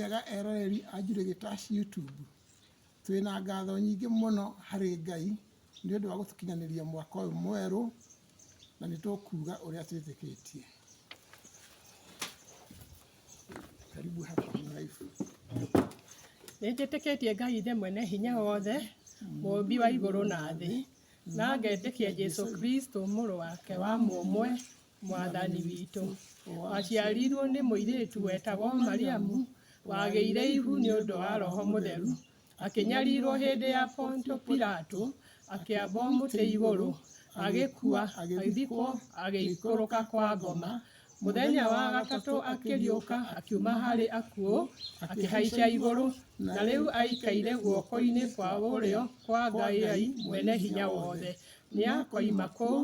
rĩega eroreri a Jirigitash YouTube twĩ na ngatho nyingĩ mũno harĩ Ngai nĩ ũndũ wa gũtũkinyanĩria mwaka ũyũ mwerũ na nĩ tũkuuga ũrĩa twĩtĩkĩtie karibu hapa mraifu nĩ njĩtĩkĩtie Ngai ithe mwene hinya wothe mũmbi wa igũrũ na thĩ na ngetĩkia Jesũ Kristo mũrũ wake wa mũmwe mwathani witũ waciarirwo nĩ mũirĩtu wetagwo Mariamu wagĩire ihu nĩ ũndũ wa roho mũtheru akĩnyarirwo hĩndĩ ya Ponto Pilato akĩambwo mũtĩ igũrũ agĩkua agĩthikwo agĩikũrũka kwa ngoma mũthenya wa gatatũ akĩriũka akiuma harĩ akuũ akĩhaica igũrũ na rĩu aikaire guoko-inĩ kwa ũrĩo kwa Ngai mwene hinya wothe akoima kũu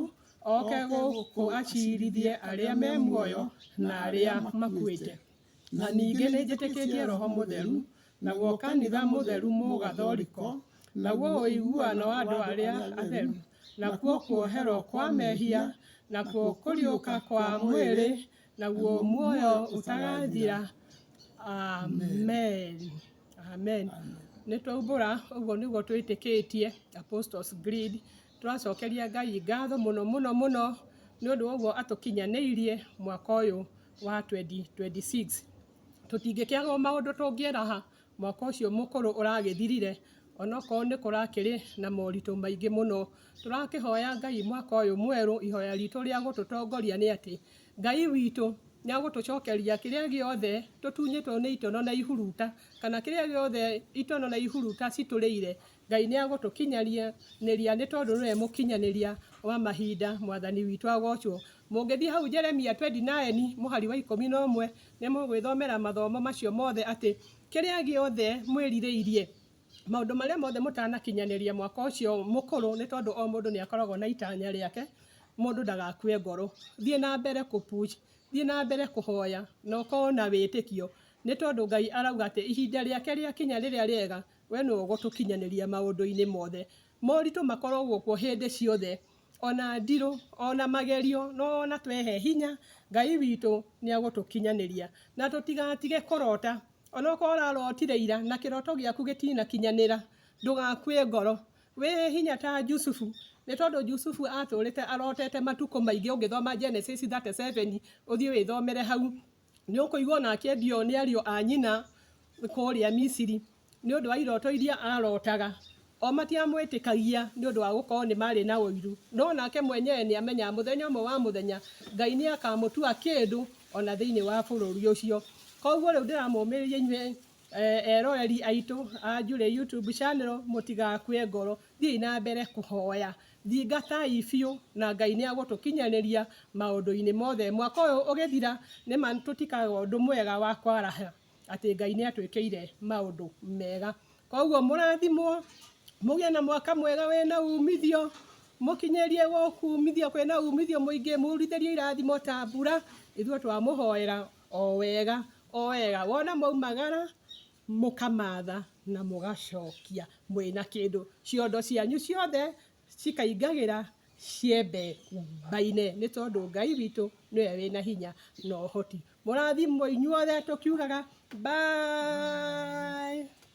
oke gũkũ aciirithie arĩa me muoyo na arĩa makuĩte na tä nĩ njĩtĩkĩtie roho theru naguo kanitha må gathoriko naguo iguano wa arä a atheru nakuo kuoherwo kwa mehia nakuo ka kwa rä naguo muoyo ũtagathira amen amen guo nä guo twä tä apostles tie tũracokeria ngai ngatho mũno mũno mũno nĩ ũndũ wa kinyanä irie mwaka yå wa 2026 tutingĩkiagwo maundu tungĩeraha mwaka mukuru uragithirire ona onokorwo ni kurakiri na moritũ maingi muno turakihoya Ngai mwaka ũyũ mweru ihoya ritũ ria gututongoria ni ati Ngai witũ nĩagũtũcokeria kiria giothe tũtunyĩtwo nĩ itono na ihuruta kana kiria giothe itono na ihuruta citũrĩire Ngai nĩagũtũkinyanĩria nĩ tondũ nĩwe mukinyaniria wa mahinda mwathani witũ agocwo mũngĩthiĩ hau Jeremia 29 muhari wa ikũmi na ũmwe nĩ mugwithomera mathomo macio mothe atĩ kĩrĩa gĩothe mwĩrirĩirie maundu marĩa mothe mũtanakinyanĩria mwaka ucio mukuru ni tondu o mundu ni akoragwo na itanya riake mundu ndagakue ngoro thie na mbere kũ push thiĩ na mbere kũhoya na ũkorwo na wĩtĩkio ni tondu Ngai arauga ati ihinda riake rĩakinya rĩrĩa riega we nĩwe ũgũtũkinyanĩria maundu-ini mothe moritũ makoragwo kuo hĩndĩ ciothe ona ndiru ona magerio no ona twehe hinya ngai witu ni agutukinyaniria na tutigatige korota ona okorwo rotire ira na kĩroto gĩaku gĩtinakinyanĩra ndũgakue ngoro we hinya ta Jusufu nĩ tondũ Jusufu atũrĩte arotete matuko maingĩ ungithoma Genesis 37 ũthiĩ thomere hau nĩ ũkũigua ona akĩendio ni ario anyina nyina kũrĩa Misiri ni ũndũ wa iroto iria arotaga o matiamwĩtĩkagia nĩ ũndũ wa gũkorwo ni mari na ũiru no nake mwenyewe ni amenya muthenya ũmwe wa muthenya Ngai nĩ akamũtua kĩndũ ona thĩinĩ wa bũrũri ũcio koguo rĩu ndĩramũmĩrĩria inyuĩ e, eroreri aitũ a Njũrĩ YouTube channel mũtigakue ngoro thiĩ na mbere kũhoya thingatai biũ na Ngai nĩ agũtũkinyanĩria maũndũ-inĩ mothe mwaka ũyũ ũgĩthira nĩ ma tũtikaga ũndũ mwega wa kwaraha atĩ Ngai ni atwĩkĩire maũndũ mega koguo mũrathimwo mugie na mwaka mwega wena umithio mukinyerie woku umithio kwena umithio muingi muritherie irathimo ta mbura ithuĩ twamuhoera o wega o wega wona maumagara mukamatha na mugacokia mwina kindu ciondo cianyu ciothe cikaingagira ciembe mbaine nä tondå ngai witå nä we wä na hinya na no ũhoti må rathimwo inyuothe tå kiugaga bye